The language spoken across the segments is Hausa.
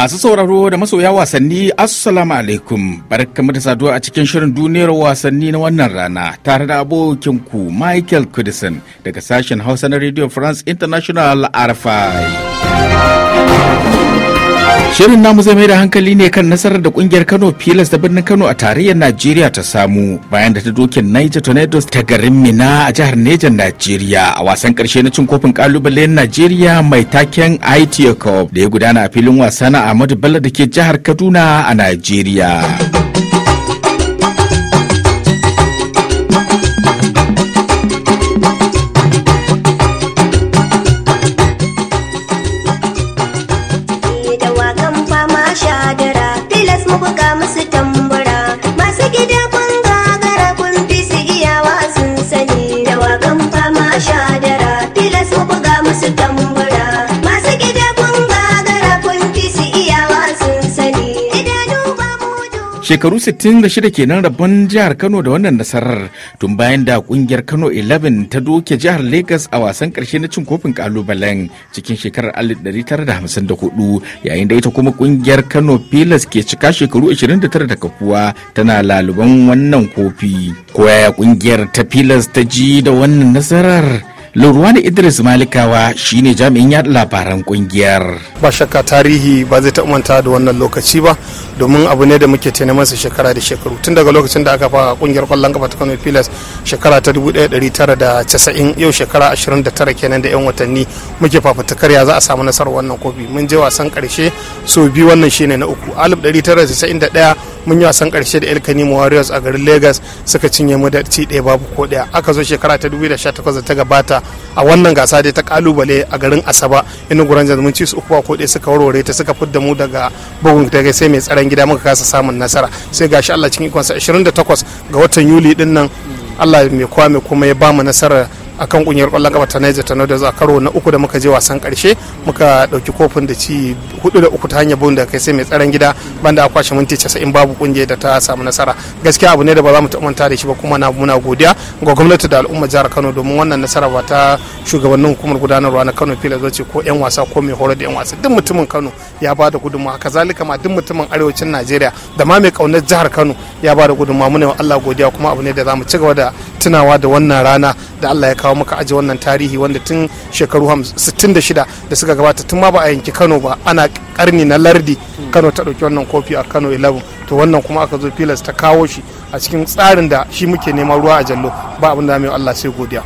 Masu sauraro da masoya wasanni Assalamu alaikum kamar da saduwa a cikin shirin duniyar wasanni na wannan rana tare da abokin ku Michael Kudison daga sashen Hausa na Radio France International RFI. Shirin namu zai mai da hankali ne kan nasarar da kungiyar Kano Pilas da birnin Kano a tarayyar Najeriya ta samu bayan da ta dokin Niger Tornadoes ta garin Mina a jihar niger Najeriya a wasan karshe na cin kofin ƙalubalen Najeriya mai taken ITO Cup da ya gudana a filin wasa na Ahmadu Bello da ke jihar Kaduna a Najeriya. shekaru 66 kenan rabon jihar kano da wannan nasarar tun bayan da kungiyar kano 11 ta doke jihar lagos a wasan karshe na cin kofin kalubalen cikin shekarar 1954 yayin da ita kuma kungiyar kano pilas ke cika shekaru 29 da kafuwa tana laluban wannan kofi koyaya kungiyar ta pilas ta ji da wannan nasarar Lurwa da Idris Malikawa shine jami'in yaɗa labaran kungiyar. Ba shakka tarihi ba zai ta manta da wannan lokaci ba domin abu ne da muke tene masa shekara da shekaru tun daga lokacin da aka fara kungiyar kwallon kafa ta Kano Pilas shekara ta 1990 yau shekara 29 kenan da yan watanni muke fafutukar ya za a samu nasarar wannan kofi mun je wasan karshe so biyu wannan shine na uku 1991 mun yi wasan karshe da elkani warriors a garin lagos suka cinye mu da ci ɗaya babu ko ɗaya aka zo shekara ta 2018 da ta gabata a wannan gasa dai ta kalubale a garin asaba inugu rangers mun ci su uku ko ɗaya suka warware ta suka fidda mu daga bugun daga sai mai tsaron gida muka kasa samun nasara sai gashi allah cikin ikonsa 28 ga watan yuli din nan allah mai kwame kuma ya bamu nasarar akan kungiyar kwallon kafa ta Niger ta Northern a karo na uku da muka je wasan karshe muka dauki kofin da ci hudu da uku ta hanyar bugun da kai sai mai tsaron gida banda a kwashe minti 90 babu kungiyar da ta samu nasara gaskiya abu ne da ba za mu manta da shi ba kuma na muna godiya ga gwamnati da al'umma jihar Kano domin wannan nasara ba ta shugabannin hukumar gudanarwa na Kano Filas ce ko yan wasa ko mai horar da yan wasa duk mutumin Kano ya ba da gudunmawa kazalika ma duk mutumin arewacin Najeriya da ma mai kaunar jihar Kano ya ba da gudunmawa muna Allah godiya kuma abu ne da za mu ci gaba da tunawa da wannan rana da Allah ya kawo kawo muka aji wannan tarihi wanda tun shekaru 66 da suka gabata tun ma ba a yanki kano ba ana karni na lardi kano ta ɗauki wannan kofi a kano 11 to wannan kuma aka zo filas ta kawo shi a cikin tsarin da shi muke neman ruwa a jallo ba abin da mai allah sai godiya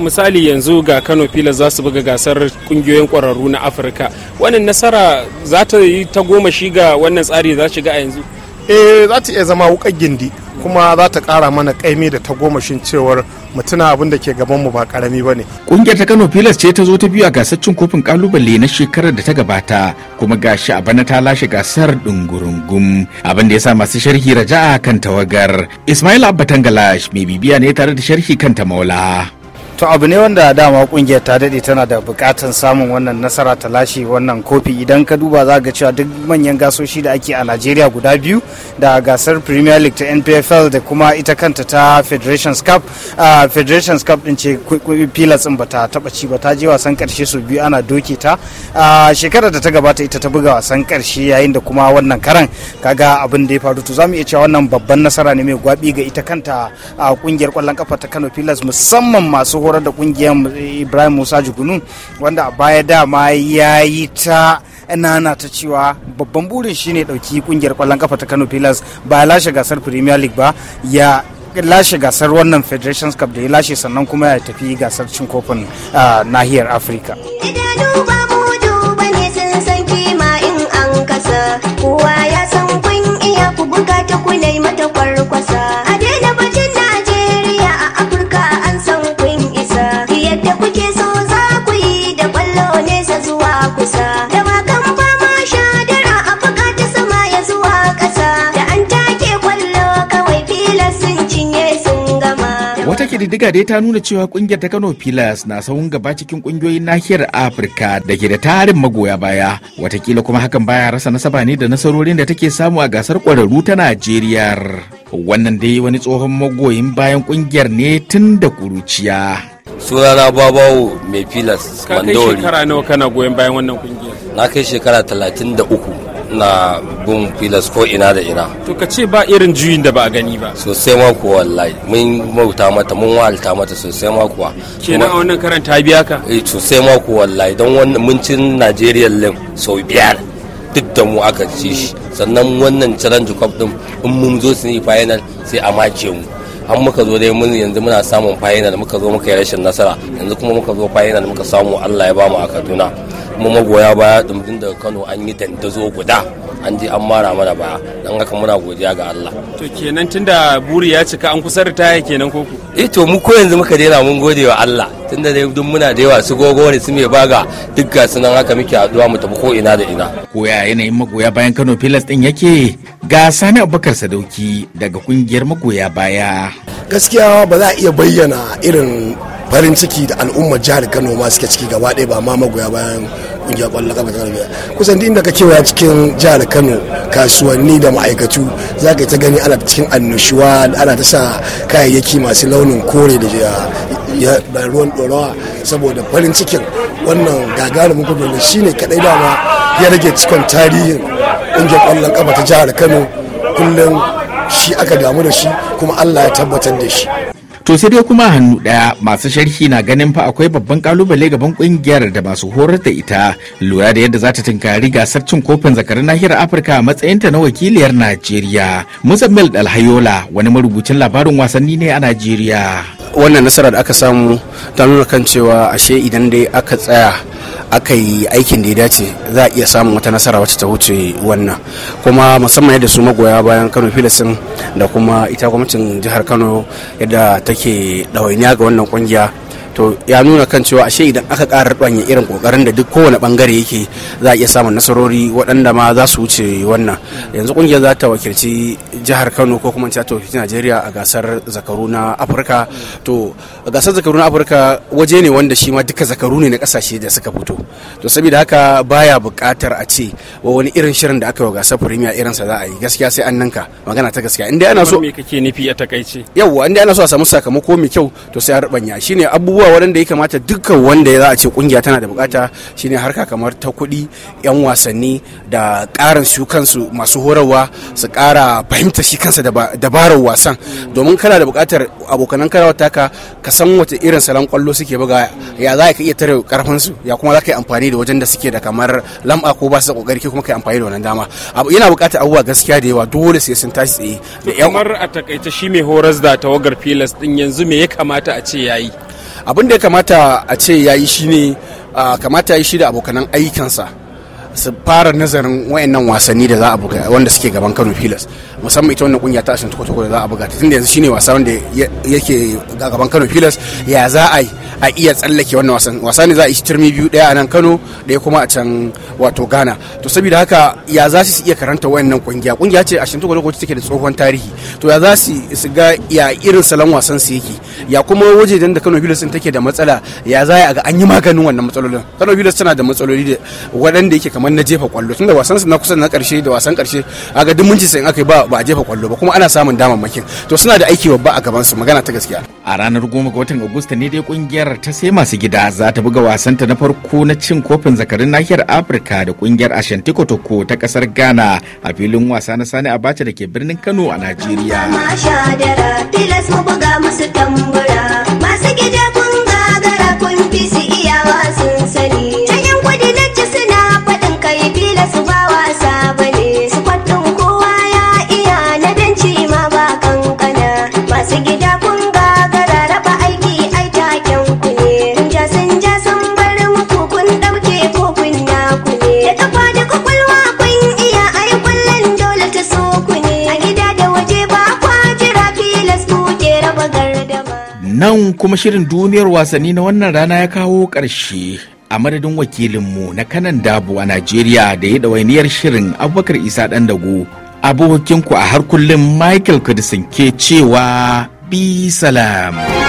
misali yanzu ga kano pilas za su buga gasar kungiyoyin kwararru na afirka wannan nasara za ta yi ta goma shi ga wannan tsari za shiga a yanzu eh za ta iya zama wukar gindi kuma za ta kara mana kaimi da ta cewar mutuna abin da ke gaban mu ba karami bane kungiyar ta Kano Pilas ce ta zo ta biyu a gasar cin kofin kalubale na shekarar da ta gabata kuma gashi a bana ta lashe gasar dungurungum abin da ya sa masu sharhi raja'a kan tawagar Ismail Abba Tangalash mai bibiya ne tare da sharhi kan ta maula to abu ne wanda dama kungiyar ta dade tana da bukatan samun wannan nasara ta lashe wannan kofi idan ka duba za ga cewa duk manyan gasoshi da ake a najeriya guda biyu da gasar premier league ta npfl da kuma ita kanta ta federations cup federations cup din ce pilas din bata taba ci ba ta je wasan karshe su biyu ana doke ta shekarar da ta gabata ita ta buga wasan karshe yayin da kuma wannan karan kaga abin da ya faru to zamu iya cewa wannan babban nasara ne mai gwabi ga ita kanta kungiyar kwallon kafa ta kano pilas musamman masu horar da kungiyar eh, ibrahim musa jugunu wanda a baya dama ya yi ta nana ta cewa babban burin shi shine dauki kungiyar kwallon kafa ta kano pillars ba lashe gasar premier league ba ya lashe gasar wannan federation cup da ya lashe sannan kuma ya tafi gasar cin kofin ah, nahiyar afirka kididdiga dai ta nuna cewa kungiyar ta Kano Pillars na sahun gaba cikin kungiyoyin nahiyar Afirka da ke da tarin magoya baya. Watakila kuma hakan baya rasa nasaba ne da nasarorin da take samu a gasar kwararru ta Najeriya. Wannan dai wani tsohon magoyin bayan kungiyar ne tun da kuruciya. Sunana Babawo mai Pillars Mandori. kai shekara nawa kana goyon bayan wannan kungiyar? Na kai shekara talatin da uku. na gun filas ko ina da ina to ka ce ba irin juyin da ba a gani ba sosai ma kuwa wallahi mun mauta mata mun walta mata sosai ma kuwa kenan a wannan karanta biya ka eh sosai ma kuwa wallahi don wannan mun cin Najeriya lem sau biyar duk da mu aka ci shi sannan wannan challenge cup din in mun zo su yi final sai a make mu an muka zo dai mun yanzu muna samun final muka zo muka yi rashin nasara yanzu kuma muka zo final muka samu Allah ya bamu a Kaduna kuma magoya baya dumdin daga Kano an yi dandazo guda an je an mara mana baya dan haka muna godiya ga Allah to kenan tunda buri ya cika an kusa ritaya kenan ko ku eh to mu ko yanzu muka daina mun gode wa Allah tunda dai duk muna da yawa su gogo ne su mai baga duk ga sunan haka muke haduwa mu tafi ko ina da ina ko ya yanayin magoya bayan Kano filas din yake ga Sani Abubakar Sadauki daga kungiyar magoya baya gaskiya ba za a iya bayyana irin farin ciki da al'ummar jihar kano ma suke ciki gaba ɗaya ba ma magoya bayan kungiyar kwallon kafa ta kano kusan inda ka kewaya cikin jihar kano kasuwanni da ma'aikatu za ka ta gani ana cikin annushuwa ana ta sa kayayyaki masu launin kore da ruwan ɗorawa saboda farin cikin wannan gagarumin gudunmi shine kaɗai dama ya rage cikon tarihin ƙungiyar kwallon kafa ta jihar kano kullum shi aka damu da shi kuma allah ya tabbatar da shi To sai dai kuma hannu ɗaya masu sharhi na ganin fa akwai babban kalubale gaban kungiyar da masu horar da ita lura da yadda za ta tunkari gasar cin kofin zakarin nahiyar Afirka a matsayinta na wakiliyar Najeriya. Muzammil Dalhayola wani marubucin labarin wasanni ne a Najeriya. Wannan nasara da aka samu ta nuna kan cewa ashe idan dai aka tsaya aka yi aikin da ya dace za a iya samun wata nasara wacce ta wuce wannan kuma musamman yadda su magoya bayan kano filisin da kuma ita gwamnatin jihar kano yadda take ɗawainiya ga wannan kungiya to ya nuna kan cewa ashe idan aka ƙara ɗanya irin ƙoƙarin da duk kowane ɓangare yake za a iya samun nasarori waɗanda ma za su wuce wannan yanzu ƙungiyar za ta wakilci jihar kano ko kuma ta wakilci najeriya a gasar zakaru na afirka to gasar zakaru na afirka waje ne wanda shi ma duka zakaru ne na ƙasashe da suka fito to saboda haka baya buƙatar a ce wa wani irin shirin da aka yi wa gasar premier irinsa za a yi gaskiya sai an nanka magana ta gaskiya inda ana so me kake nufi a takaice yawwa inda ana so a samu sakamako mai kyau to sai a rubanya shine abubuwa abubuwa waɗanda ya kamata dukkan wanda ya za a ce kungiya tana da bukata shine harka kamar ta kuɗi yan wasanni da ƙarin su kansu masu horarwa su ƙara fahimtar shi kansa dabarar wasan domin kana da bukatar abokanan karawa taka ka san wace irin salon kwallo suke buga ya za ka iya tare karfin su ya kuma za ka yi amfani da wajen da suke da kamar lamba ko ba su da kokari kuma ka yi amfani da wannan dama yana bukatar abubuwa gaskiya da yawa dole sai sun tashi tsaye da kamar a takaice shi mai horas da tawagar filas din yanzu me ya kamata a ce yayi abin da ya kamata a ce yayi shine kamata yi shi da abokanan aikinsa su fara nazarin wayannan wasanni da za a buga wanda suke gaban Kano filas. musamman ita wannan kungiya ta ashirin ta kwatakwa da za a buga ta da yanzu shine wasa wanda yake gaban kano pilas ya za a yi a iya tsallake wannan wasan wasa ne za a yi turmi biyu daya a nan kano daya kuma a can wato ghana to saboda haka ya za su iya karanta wannan kungiya kungiya ce ashirin ta kwatakwa take da tsohon tarihi to ya za su ga ya irin salon wasan su yake ya kuma waje da kano pilas din take da matsala ya za a ga an yi maganin wannan matsalolin kano pilas tana da matsaloli da waɗanda yake kamar na jefa kwallo tunda wasan su na kusa na karshe da wasan karshe a ga duk mun ji sai aka yi ba ba a jefa kwallo ba kuma ana samun damammakin to suna da aiki babba a gaban su magana ta gaskiya a ranar goma ga watan agusta ne dai kungiyar ta sai masu gida za ta buga wasanta na farko na cin kofin zakarin nahiyar afirka da kungiyar ashanti kotoko ta kasar ghana a filin wasa na sani abacha da ke birnin kano a najeriya masu gida kuma shirin duniyar wasanni na wannan rana ya kawo ƙarshe a madadin wakilinmu na kanan dabu a Najeriya da ya ɗawainiyar shirin Abubakar Isa ɗan dago abokinku a har kullum Michael Kudisin ke cewa bi salam.